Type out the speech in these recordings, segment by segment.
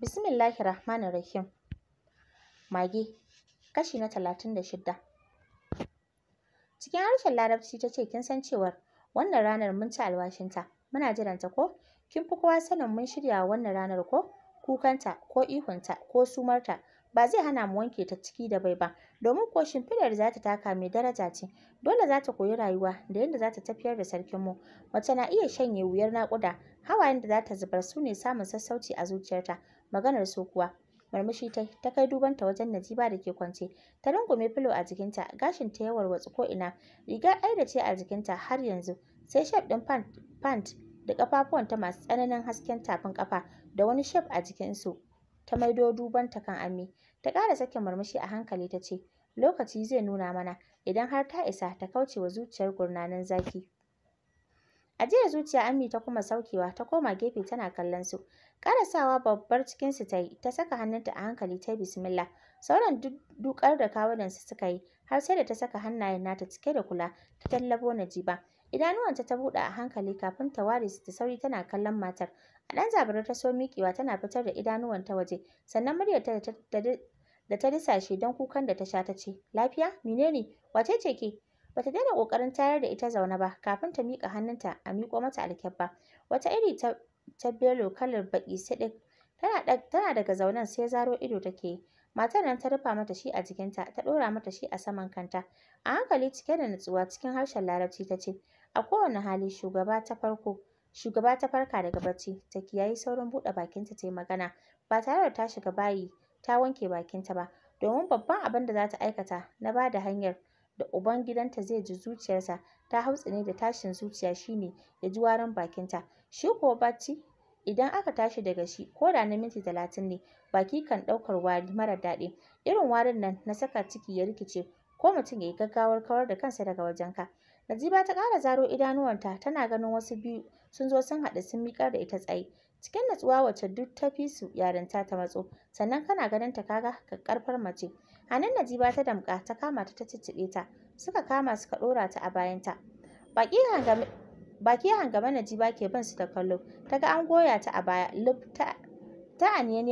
Bismillahir Rahmanir Rahim. Mage, kashi na talatin da shidda. Cikin harshen Larabci ta ce, Kin san cewar wannan ranar mun ci alwashinta, muna jiranta ko? Kin fi kowa sanin mun shirya wannan ranar ko? Kukanta, ko ihunta, ko sumarta, ba zai hana mu wanke ta ciki da bai ba, domin ko shimfidar za ta taka mai daraja ce, dole za ta koyi rayuwa da yadda za ta tafiyar da sarkinmu. Mace na iya shanye wuyar naƙuda, hawayen da za ta zubar su ne samun sassauci a zuciyarta maganar su kuwa murmushi ta ta kai dubanta wajen Najiba da ke kwance ta rungume filo a jikinta gashin ta ya warwatsu ko ina rigar da ce a jikinta har yanzu sai shaf din pant da da ta masu tsananin hasken tafin kafa da wani shaf a jikinsu ta maido dubanta kan ami ta ƙara sakin murmushi a hankali ta ce lokaci zai nuna mana idan har ta isa ta kauce wa zuciyar gurnanin zaki Ajiyar zuciya Ami ta kuma saukewa ta koma gefe tana kallon su. Karasawa babbar cikin su ta yi, ta saka hannunta a hankali ta bismillah. Sauran dukar da kawunan su suka yi har sai da ta saka hannayen nata cike da kula ta tallabo jiba. Idanuwanta ta buɗe a hankali kafin ta ware su ta sauri tana kallon matar. A ɗan zabarar ta so miƙewa tana fitar da idanuwanta waje, sannan muryarta da ta disashe don kukan da ta sha ta ce, Lafiya? Menene? Wace ce ke? Bata daina ƙoƙarin tayar da ita zaune ba kafin ta miƙa hannunta a miƙo mata alkyabba. Wata iri ta ta belo kalar baƙi siɗik. Tana tana daga zaunen sai zaro ido take. Matar nan ta rufa mata shi a jikinta ta ɗora mata shi a saman kanta. A hankali cike da nutsuwa cikin harshen Larabci ta ce, A kowane hali shugaba ta farko shugaba ta farka daga bacci ta kiyayi saurin buɗe bakinta ta yi magana ba tare da ta shiga bayi ta wanke bakinta ba domin babban abin da za ta aikata na ba da hanyar da uban gidanta zai ji zuciyarsa ta ne da tashin zuciya shine ya ji warin bakinta shi kuwa bacci idan aka tashi daga shi ko da na minti talatin ne baki kan ɗaukar wari mara daɗi irin warin nan na saka ciki ya rikice ko mutum ya gaggawar kawar da kansa daga wajenka Najiba ta ƙara zaro idanuwanta tana ganin wasu biyu sun zo sun haɗu sun miƙar da ita tsaye cikin natsuwa wacce duk ta fi su yarinta ta matso sannan kana ganin ta kaga ƙarfar mace a nan Najiba ta damƙa ta kama ta ta cicciɓe ta suka kama suka ɗora ta a bayanta baki hangame baki hangame Najiba ke bin su da kallo ta ga an goya ta a baya lub ta aniya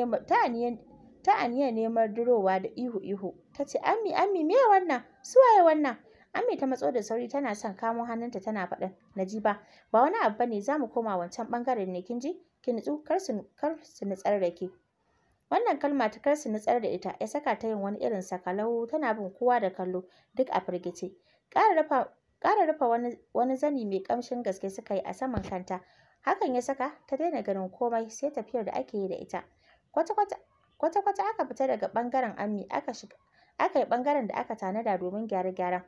neman durowa da ihu ihu ta ce ammi Ami, me wannan suwaye wannan Ami ta matso da sauri tana son kamo hannunta tana faɗin Najiba ba wani abu ba bane zamu koma wancan bangaren ne kin ji ki nutsu kar su kar su nutsar da ke Wannan kalma ta kar su nutsar da ita ya saka ta yin wani irin sakalau tana bin kowa da kallo duk a firgice. Kara rufa wani, zani mai kamshin gaske suka yi a saman kanta. Hakan ya saka ta daina ganin komai sai tafiyar da ake yi da ita. Kwata-kwata aka fita daga ɓangaren Ami aka aka yi ɓangaren da aka tanada domin gyare-gyaren.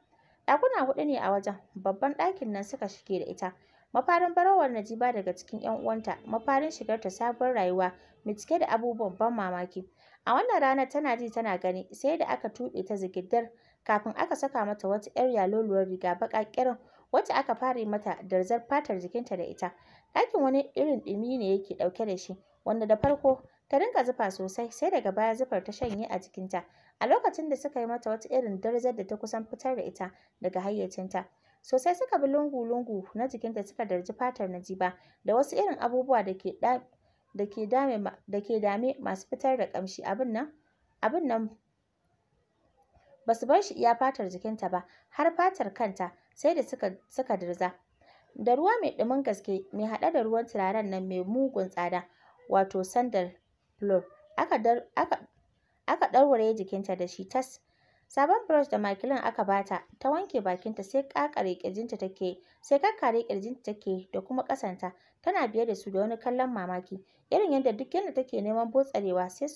Ɗakuna huɗu ne a wajen, babban ɗakin nan suka shige da ita. Mafarin barawar Najiba daga cikin 'yan uwanta, mafarin shigar ta sabon rayuwa mai cike da abubuwan ban mamaki. A wannan rana tana ji tana gani sai da aka tuɓe ta zigirdar kafin aka saka mata wata 'yar yaloluwar riga baƙa ƙirin wacce aka fara mata darzar fatar jikinta da ita. Ɗakin wani irin ɗumi ne yake ɗauke da shi wanda da farko ta rinƙa zufa sosai sai daga baya zufar ta shanye a jikinta a lokacin da suka yi mata wata irin darazar da ta kusan fitar da ita daga hayyacinta. Sosai suka bi lungu-lungu na jikinta suka darji fatar Najiba da wasu irin abubuwa da ke dame da masu fitar da kamshi abin nan ba su bar shi iya fatar jikinta ba har fatar kanta sai da suka suka dirza da ruwa mai dumin gaske mai haɗe da ruwan turaren nan mai mugun tsada wato sandal flour aka dar aka aka jikinta da shi tas Sabon brush da makilin aka bata, ta wanke bakinta sai kakare kirjinta take, sai kakare kirjinta take da kuma kasanta. Tana biye da su da wani kallon mamaki, irin yadda duk yadda take neman botsarewa sai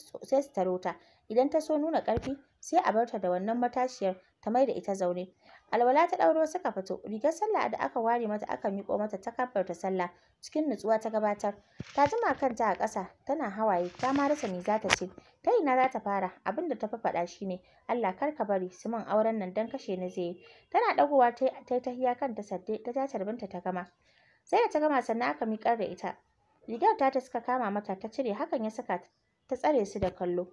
su taro ta, idan ta so nuna ƙarfi sai a barta da wannan matashiyar ta mai da ita zaune. Alwala ta ɗauro suka fito, rigar sallah da aka ware mata aka miƙo mata ta ta sallah cikin nutsuwa ta gabatar. Ta jima kanta a ƙasa tana hawaye ta ma rasa me za ta ce, ta ina za ta fara abin da ta fi faɗa shi ne Allah kar ka bari su min auren nan don kashe ni zai yi. Tana ɗagowa ta yi tahiya kanta sadde ta tace binta ta gama. Sai da ta gama sannan aka miƙar da ita. Rigar ta ta suka kama mata ta cire hakan ya saka ta tsare su da kallo.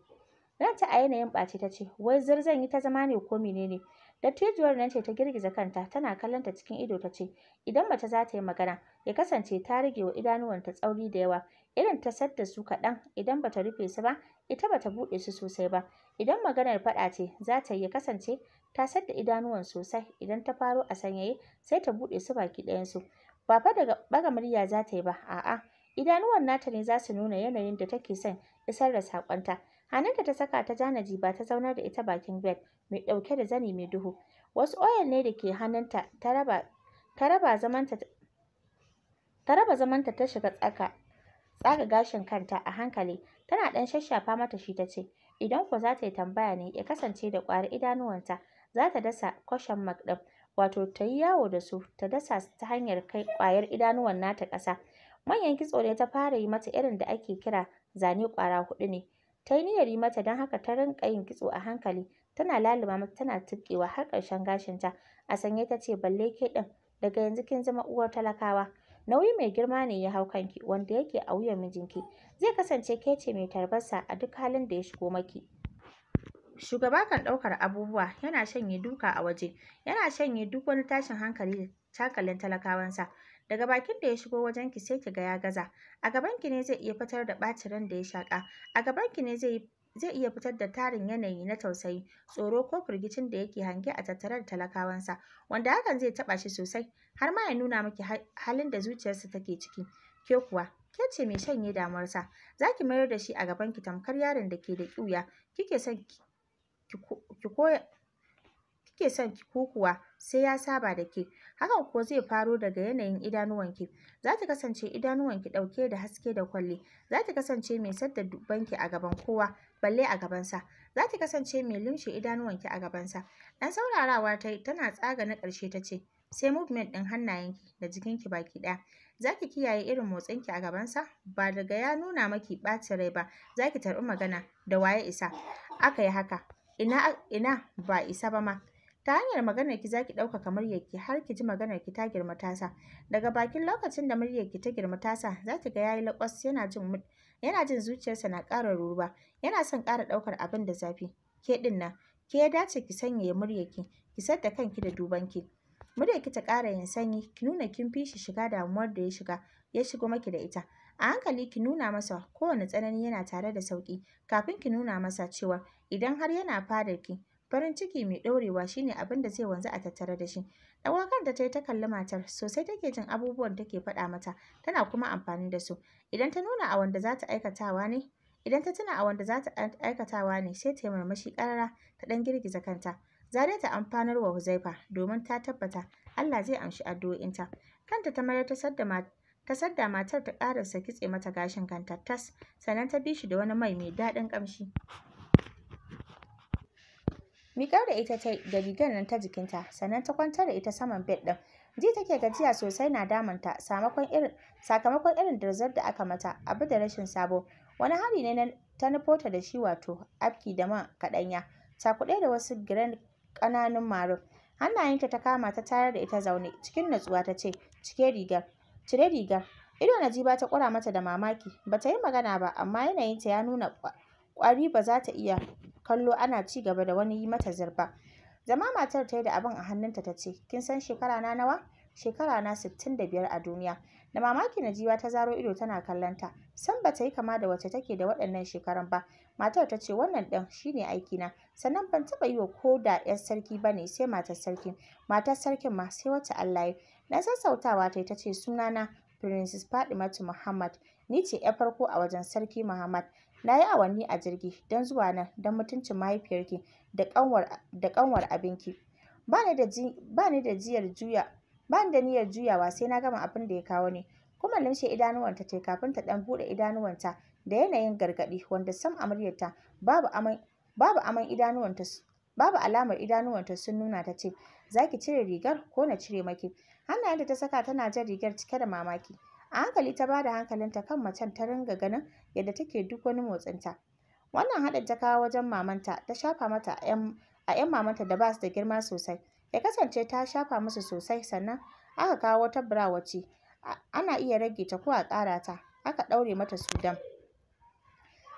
Ranta a yanayin ɓace ta ce, wai zar zan yi ta zama ne ko menene? Dattijuwar nan ce ta girgiza kanta tana kallon ta cikin ido ta ce, idan mace za ta yi magana, ya kasance ta rage wa idanuwanta tsauri da yawa, irin ta sadda su kaɗan idan ba ta rufe su ba, ita ba ta buɗe su sosai ba. Idan maganar faɗa ce, za ta yi ya kasance ta sadda idanuwan sosai idan ta faro a sanyaye sai ta buɗe su baki ɗayansu. Ba fa daga ɓaga murya za ta yi ba, a'a, idanuwan nata ne za su nuna yanayin da take son isar da saƙonta. da ta saka ta jana jiba ta zaunar da ita bakin bed mai ɗauke da zani mai duhu. Wasu oil ne da ke hannunta ta raba ta raba zamanta ta raba zamanta ta shiga tsaka tsaga gashin kanta a hankali tana ɗan shashafa mata shi ta ce idan ku za ta yi tambaya ne ya kasance da ƙwari idanuwanta za ta dasa kwashen mark wato ta yi yawo da su ta dasa su ta hanyar kai ƙwayar idanuwan nata ƙasa manyan kitso ne ta fara yi mata irin da ake kira zane ƙwara huɗu ne Ta yi niyyar yi mata don haka ta rinƙa yin kitso a hankali, tana laluba mata tana tuƙewa har ƙarshen gashinta. A sanye ta ce, balle ke ɗin, daga yanzu kin zama uwar talakawa. Nauyi mai girma ne ya hau kanki wanda yake a wuyan mijinki. Zai kasance ke ce mai tarbarsa a duk halin da ya shigo maki. Shugaba kan ɗaukar abubuwa, yana shanye duka a waje, yana shanye duk wani tashin hankali da cakalin talakawansa. daga bakin da ya shigo wajen ki sai ki ga ya gaza a gaban ki ne zai iya fitar da ɓacin da ya shaka a gaban ki ne zai zai iya fitar da tarin yanayi na tausayi tsoro ko firgicin da yake hange a tattare da talakawansa wanda hakan zai taɓa shi sosai har ma ya nuna miki halin da zuciyarsa take ciki ke kuwa ke ce mai shanye damuwarsa za ki mayar da shi a gaban ki tamkar yaron da ke da ƙiuya kike son ki koya kike son ki kukuwa sai ya saba da ke Hakan kuwa zai faro daga yanayin idanuwanki. Za ta kasance idanuwanki ɗauke da haske da kwalli. Za ta kasance mai sadda dubbanki a gaban kowa, balle a gabansa. Za ta kasance mai limshe idanuwanki a gabansa. Ɗan saurarawa ta tana tsaga na ƙarshe ta ce, sai movement ɗin hannayenki da jikinki baki ɗaya. Za ki kiyaye irin motsinki a gabansa, ba daga ya nuna maki ɓacin rai ba, za ki tarbi magana da waye isa. Aka yi haka, ina, ina ba isa ba ma. ta hanyar ki za ki ɗaukaka muryarki har ki ji maganar ki ta girma tasa daga bakin lokacin da muryar ki ta girma tasa za ki ga yayi laƙwas yana jin yana jin zuciyarsa na ƙara ruruwa yana son ƙara ɗaukar abin da zafi ke ɗin nan ke ya dace ki sanya ya muryar ki Ki sadda kanki da duban ki muryar ki ta ƙara yin sanyi ki nuna kin fi shi shiga damuwar da ya shiga ya shigo maki da ita a hankali ki nuna masa kowane tsanani yana tare da sauki kafin ki nuna masa cewa idan har yana ki. farin ciki mai ɗorewa shine abin da zai wanzu a tattare da shi ɗago kanta ta yi ta kalli matar sosai take jin abubuwan da ke faɗa mata tana kuma amfani da su idan ta nuna a wanda za ta aikatawa ne idan ta tuna a wanda za ta aikatawa ne sai ta yi murmushi ƙarara ta ɗan girgiza kanta zare ta amfanar wa Huzaifa domin ta tabbata Allah zai amshi addu'o'inta kanta ta mayar ta sadda ta sadda matar ta ƙarasa kitse mata gashin kanta tas sannan ta bi shi da wani mai mai daɗin ƙamshi miƙar da ita ta da rigar nan ta jikinta sannan ta kwantar da ita saman bed ɗin ji take gajiya sosai na damanta sakamakon irin sakamakon darzar da aka mata abu da rashin sabo wani hari ne ta nufo ta da shi wato afki da man kaɗanya cakuɗe da wasu giran ƙananun marun hannayenta ta kama ta tayar da ita zaune cikin natsuwa ta ce cike rigar cire rigar ido najiba ta ƙura mata da mamaki Ba ta yi magana ba amma yanayinta ya nuna ƙwari ba za ta iya kallo ana ci gaba da wani yi mata zirba. Zama matar ta yi da abin a hannunta ta ce, Kin san shekara na nawa? Shekara na sittin da biyar a duniya. Da mamaki na Najiba ta zaro ido tana kallonta, san ba ta yi kama da wacce take da waɗannan shekaran ba. Matar ta ce wannan ɗin shine aiki na. sannan ban taɓa yi wa ko da 'yar sarki ba ne sai matar sarkin, matar sarkin ma sai wacce Allah ya Na sassautawa ta ta ce sunana Princess Fadimatu Muhammad, ni ce 'yar farko a wajen sarki Muhammad, Na yi awanni a jirgi don zuwa nan don mutuncin mahaifiyarki da ƙanwar abinki. Ba ni da niyyar juyawa sai na gama abin da ya kawo ni. Kuma lumshe idanuwanta ta kafin ta ɗan buɗe idanuwanta da yanayin gargaɗi wanda sam a muryarta babu alamar idanuwanta sun nuna ta ce, za ki cire rigar ko na cire maki? Hannayen da ta saka tana jan rigar cike da mamaki. a hankali ta bada hankalinta kan macen ta ringa ganin yadda take duk wani motsinta wannan haɗin ta kawo wajen mamanta ta shafa mata a 'yan mamanta da ba su da girma sosai ya kasance ta shafa musu sosai sannan aka kawo wata bra ce ana iya rage ta ko a ƙara ta aka ɗaure mata sudan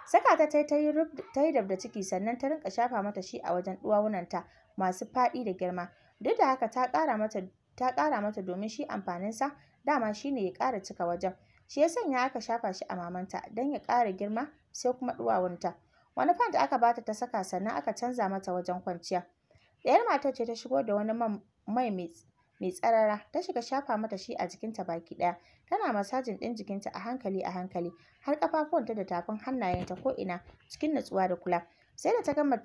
saka ta tai ta yi da ciki sannan ta rinka shafa mata shi a wajen ɗuwawunanta masu faɗi da girma duk da haka ta ƙara mata ta ƙara mata domin shi amfaninsa dama shine ya ƙara cika wajen. Shi ya sanya aka shafa shi a mamanta don ya kara girma sai kuma ɗuwawunta. Wani fan aka bata ta saka sannan aka canza mata wajen kwanciya. Ɗayar matar ce ta shigo da wani mai mai tsarara ta shiga shafa mata shi a jikinta baki ɗaya tana masajin ɗin jikinta a hankali a hankali har ƙafafuwanta da tafin hannayenta ko'ina cikin natsuwa da kula sai da ta gama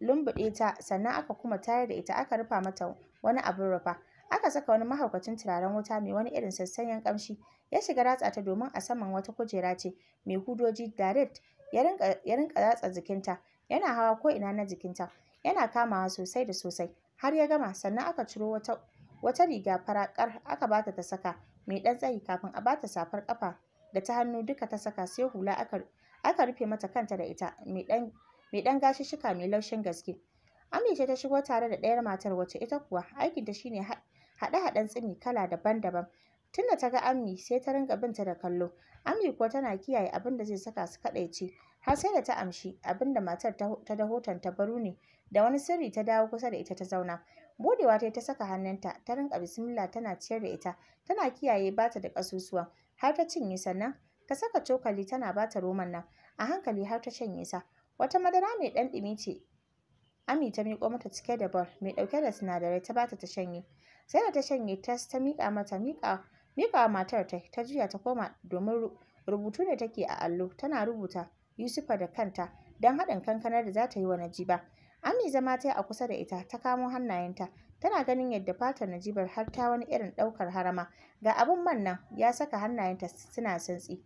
lumbuɗe ta sannan aka kuma tayar da ita aka rufa mata wani abin rufa aka saka wani mahaukacin turaren wuta mai wani irin sassanyan kamshi ya shiga ratsa ta domin a saman wata kujera ce mai hudoji direct ya rinka ratsa jikinta yana hawa ko ina na jikinta yana kamawa sosai da sosai har ya gama sannan aka ciro wata wata riga farakar aka bata ta saka mai dan tsayi kafin a bata safar kafa da ta hannu duka ta saka sai hula aka rufe mata kanta da ita mai ɗan mai dan gashishika mai laushin gaske Amince ta shigo tare da ɗayar matar wacce ita kuwa aikinta shine haɗe-haɗen tsimi kala daban-daban. Tunda ta ga Ami sai ta ringa binta da kallo. Ami kuwa tana kiyaye abin da zai saka su kaɗaici. Har sai da ta amshi abin da matar ta da hoton ta baro ne da wani sirri ta dawo kusa da ita ta zauna. Budewa ta ta saka hannunta ta rinƙa bismillah tana ciyar da ita tana kiyaye bata da ƙasusuwa har ta cinye sannan ta saka cokali tana bata roman nan a hankali har ta shanye sa. Wata madara mai ɗan ɗumi ce Ami ta miƙo mata cike da bol mai ɗauke da sinadarai ta bata ta shanye. sai da ta shanye ta ta miƙa mata miƙa miƙa matar ta ta juya ta koma domin rubutu ne take a allo tana rubuta Yusufa da kanta don haɗin kankanar da za ta yi wa Najiba. Ami zama ta yi a kusa da ita ta kamo hannayenta tana ganin yadda fatar Najibar har ta wani irin ɗaukar harama ga abin man nan ya saka hannayenta suna santsi.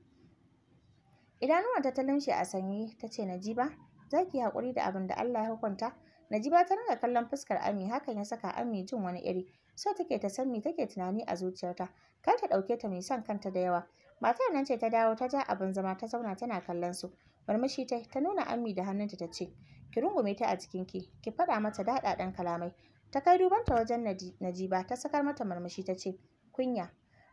Idanuwanta ta lumshe a sanyi ta ce Najiba za ki haƙuri da abin da Allah ya hukunta. Najiba ta ringa kallon fuskar Ami hakan ya saka Ami jin wani iri so take ta san me take tunani a zuciyarta kar ta ɗauke ta mai son kanta da yawa matar nan ce ta dawo ta ja abin zama ta zauna tana kallon su murmushi ta ta nuna ammi da hannunta ta ce ki rungume ta a jikin ki ki faɗa mata dan kalamai ta kai duban ta wajen najiba ta sakar mata marmashi ta ce kunya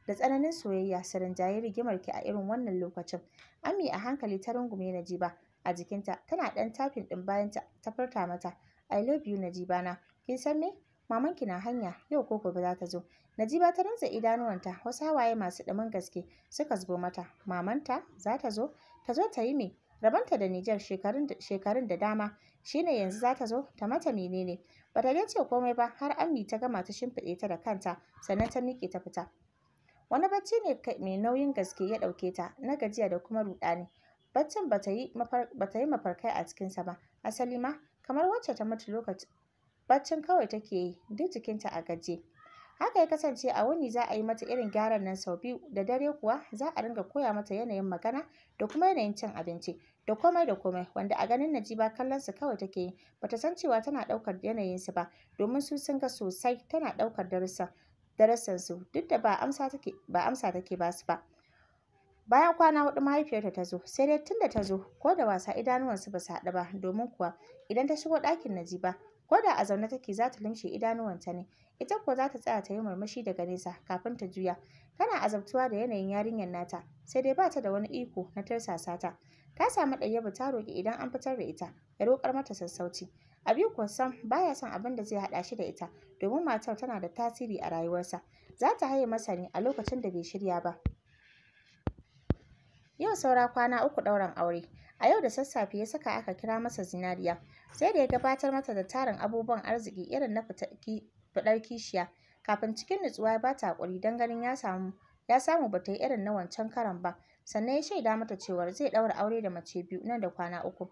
da tsananin soyayya su rigimar ki a irin wannan lokacin Ammi a hankali ta rungume najiba a jikinta tana ɗan tafin ɗin bayanta ta furta mata I love you Najiba na. Kin san me? mamanki na hanya yau ko gobe za ta zo najiba ta rantsa idanuwanta wasu hawaye masu ɗumin gaske suka zubo mata mamanta za ta zo ta zo ta yi me rabanta da Nijar shekarun da dama shine yanzu za ta zo ta mata menene ba ta dace komai ba har Ammi ta gama ta shimfiɗe ta da kanta sannan ta miƙe ta fita wani bacci ne mai nauyin gaske ya ɗauke ta na gajiya da kuma ruɗani baccin ba ta yi mafarkai a cikinsa ba asali ma kamar wacce ta mutu baccin kawai take yi duk jikinta a gaje haka ya kasance a wuni za a yi mata irin gyaran nan sau biyu da dare kuwa za a ringa koya mata yanayin magana da kuma yanayin cin abinci da komai da komai wanda a ganin Najiba kallon su kawai take yi bata san cewa tana daukar yanayin su ba domin su sun ga sosai tana ɗaukar darussan darussan su duk da ba amsa take ba amsa take ba su ba bayan kwana hudu mahaifiyarta ta zo sai dai tunda ta zo ko da wasa idanuwansu ba su haɗu ba domin kuwa idan ta shigo ɗakin Najiba ko da a zaune take za ta lumshe idanuwanta ne ita kuwa za ta tsaya ta yi murmushi daga nesa kafin ta juya tana azabtuwa da yanayin yarinyar nata sai dai ba ta da wani iko na tarsasa ta ta samu ɗayyabu ta roƙi idan an fitar da ita ya roƙar mata sassauci Abiyu kuwa sam baya son abin da zai haɗa shi da ita domin matar tana da tasiri a rayuwarsa za ta haye masa ne a lokacin da bai shirya ba yau saura kwana uku ɗaurin aure A yau da sassafe ya saka aka kira masa zinariya, sai da ya gabatar mata da tarin abubuwan arziki irin na fiɗar kishiya, kafin cikin nutsuwa ya bata haƙuri don ganin ya samu ya samu bata yi irin na wancan karon ba, sannan ya shaida mata cewa zai ɗaura aure da mace biyu nan da kwana uku.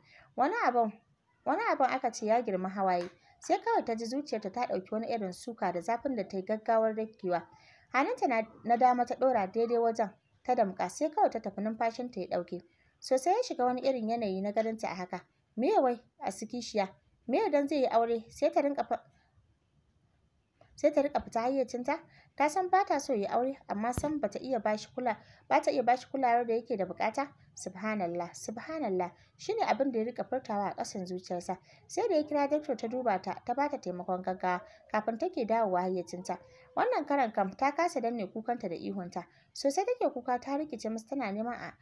Wani abin aka ce ya girma hawaye, sai kawai ta ji zuciyarta ta ɗauki wani irin suka da zafin da ta yi gaggawar dakewa. Hannunta na dama ta ɗora daidai wajen ta damƙa sai kawai ta tafi numfashinta ya ɗauke. Sosai ya shiga wani irin yanayi na ganinta a haka. Me wai a sikishiya? Me dan zai yi aure sai ta rinka ta fita hayyacinta ta san ba ta so ya aure amma san bata iya bashi kula ta iya bashi kulawar da yake da bukata subhanallah subhanallah shine abin da ya rika furtawa a kasan zuciyarsa sai da ya kira doctor ta duba ta ta bata taimakon gaggawa kafin take dawowa hayyacinta wannan karan kam ta kasa danne kukanta da ihunta sosai take kuka ta rikice musu tana neman a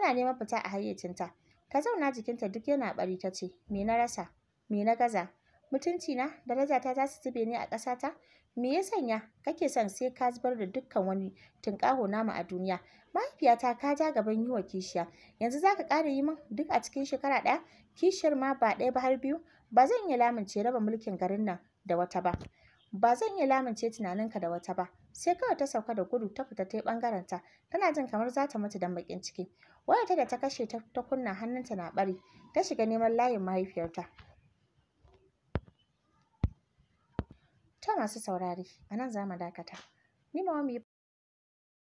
tana neman fita a hayyacinta ta zauna jikinta duk yana bari ta ce me na rasa me na gaza mutunci na darajata za su zube ne a ƙasata me ya sanya kake son sai ka zubar da dukkan wani tunƙaho namu a duniya mahaifiyata ka ja gaban yi wa kishiya yanzu za ka ƙara yi min duk a cikin shekara ɗaya kishiyar ma ba ɗaya ba har biyu ba zan iya lamince raba mulkin garin nan da wata ba ba zan iya lamince tunaninka da wata ba sai kawai ta sauka da gudu ta fita ta yi ɓangarenta tana jin kamar za ta mutu don baƙin ciki wayarta da ta kashe ta kunna hannunta na ɓari ta shiga neman layin mahaifiyarta ta masu saurari, a nan za mu dakata ni ma mu